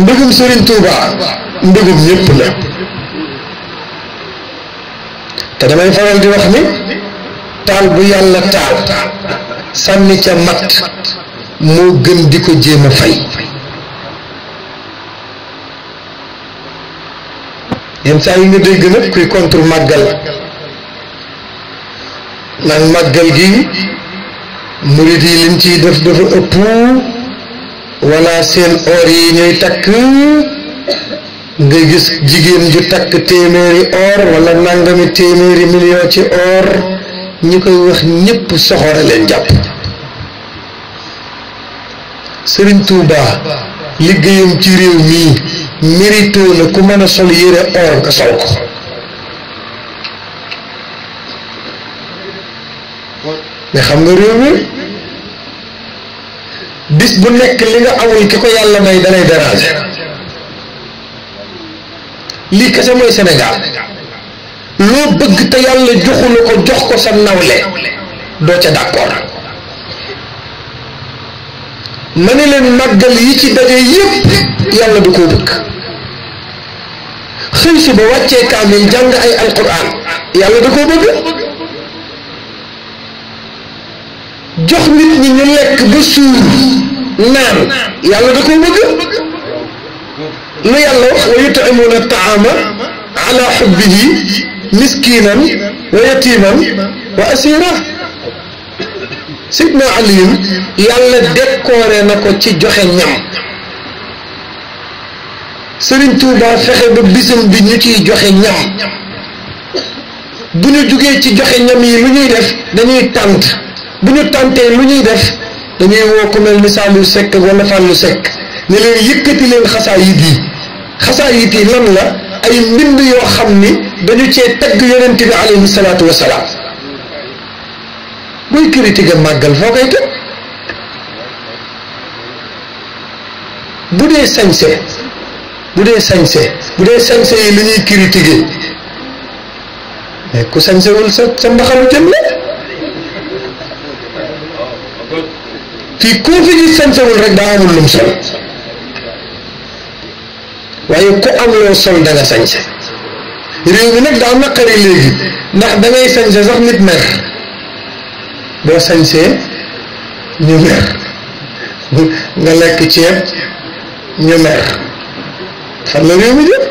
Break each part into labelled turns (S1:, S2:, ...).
S1: mbëggum Serigne Touba mbëggum ñëpp la te damay faral di wax ni taal bu yàlla taal sànni ca matt moo gën di ko jéem a fay yenn saa yi nga dégg nag kuy contre màggal naan màggal gi murit yi liñ ciy dafa ëpp wala seen or yi ñuy takk nga gis jigéen ju takk téeméeri or wala nangami téeméeri million ci or ñi koy wax ñépp soxore jàpp sëriñ Touba liggéeyam ci réew mii mérito na ku mën a sol yére or nga sol ko mais xam nga réew mi bis bu nekk li nga amul ki ko yàlla may dalay déranger lii kese mooy Sénégal loo bëgg te yàlla joxu ko jox ko sa nawle doo ca d'accord ma ne leen màggal yi ci daje yépp yàlla du ko bëgg xëy si ba wàccee kaamil jàng ay alquran yàlla da koo bëgg jox nit ñi ñu lekk ba suur naan yàlla da koo bëgg lu yàlla wax wa yut'imuuna taama ala xubbihi miskinan wa yatiman wa asira sidna aliyum yàlla décoré na ko ci joxe ñam Sëriñ Tuuba fexe ba bisam bi ñu ciy joxe ñam bu ñu jógee ci joxe ñam yi lu ñuy def dañuy tànt bu ñu tàntee lu ñuy def dañuy woo ku mel ni Saliou Seck wala Fallou Seck leen yëkkati leen xasaayit yi xasaayit yi lan la ay mbind yoo xam ni dañu cee tagg yonent bi alayhi salaatu wasalaam booy critique màggal foo koy teg bu dee sañse bu dee sañse bu dee sañse yi lañuy ñuy critiquer mais ku sañsewul sa sa mbaxalu jëm la kii ku fi ñu sañsewul rek daa amul lum sol waaye ku am loo sol da nga sañse réew mi nag daa naqari léegi ndax da ngay sañse sax nit mer boo sañsee ñu mer nga lekk ceeb ñu mer fan la réew mi jëm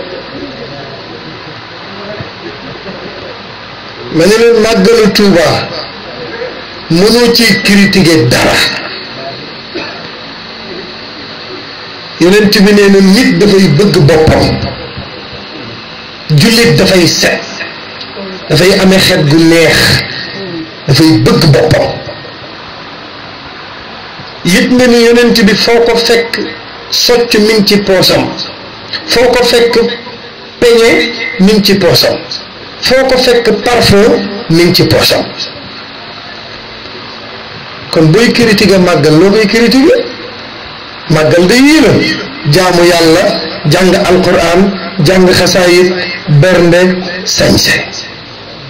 S1: ma ne leen màggalu Tuuba mënoo ci critiquer dara yonent bi nee nit dafay bëgg boppam jullit dafay set dafay amee xet gu neex dafay bëgg boppam yëg nga ni yonent bi foo ko fekk socc mi ngi ci poosam foo ko fekk peñe mi ngi ci poosam foo ko fekk parfum mi ngi ci poosam kon booy critiquer màggal loo koy critiquer màggal de yii la jaamu yàlla jàng alquran jàng xasaayit bernde sañse